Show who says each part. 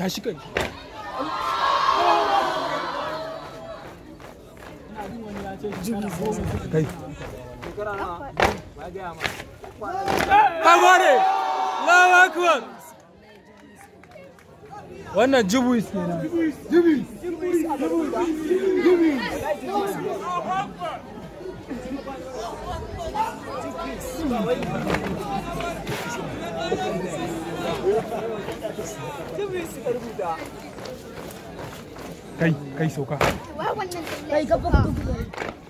Speaker 1: tashi kai kai lawa kuwan wannan jibuis ne na jibuis jibuis kai kai sauka kai ka